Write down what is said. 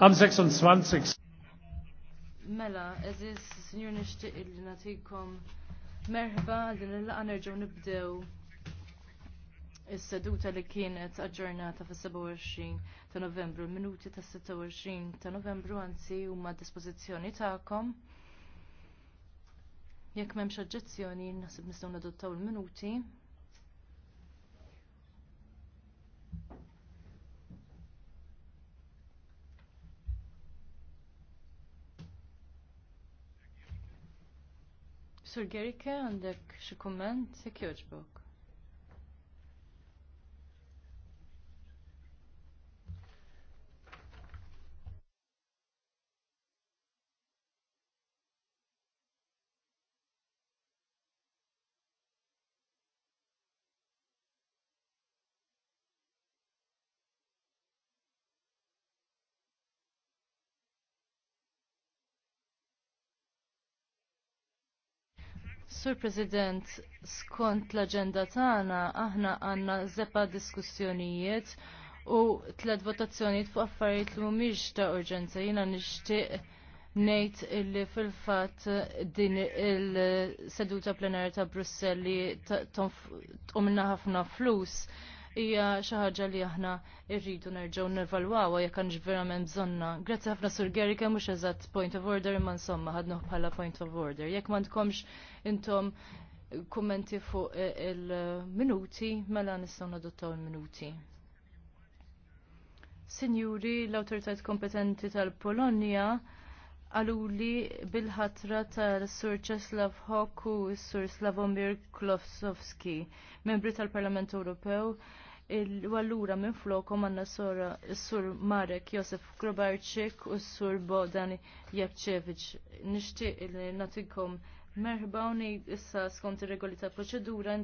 am 26. Mela, eżis, signor nishtiq li natikom merħba din il laqan nerġaw nibdew is-seduta li kienet aġġornata fis-27 ta' Novembru, minuti ta' 26 ta' Novembru anzi huma dispożizzjoni tagħkom. Jekk m'hemmx oġġezzjoni, naħseb nistgħu nadottaw il-minuti. Sur Gerike, għandek xi kumment, jekk jogħġbok. Sur President, skont l-agenda tagħna aħna għandna zeppa diskussjonijiet u tlet votazzjonijiet fuq affarijiet li mhumiex ta' urġenza. Jiena nixtieq ngħid illi fil fatt din il-seduta plenarja ta' Brusselli tqumna ħafna flus hija xi ħaġa li aħna rridu nerġgħu nevalwawha jekk għandx verament bżonna. Grazzi ħafna Sur kemm mhux eżatt point of order imma insomma ħadnuh bħala point of order. Jekk m'għandkomx intom kummenti fuq e, il-minuti mela nistgħu nadottaw il-minuti. Sinjuri, l-autoritajt kompetenti tal-Polonja għaluli bil-ħatra tal-Sur Czeslaw Hawk u Sur Slavomir Klosowski, membri tal-Parlament Ewropew, il għallura minn flokom għanna sora Sur Marek Josef Grobarczyk u Sur Bodan Jabċevic. Nishtiq il-natikom merħba issa skont ir-regoli ta' proċedura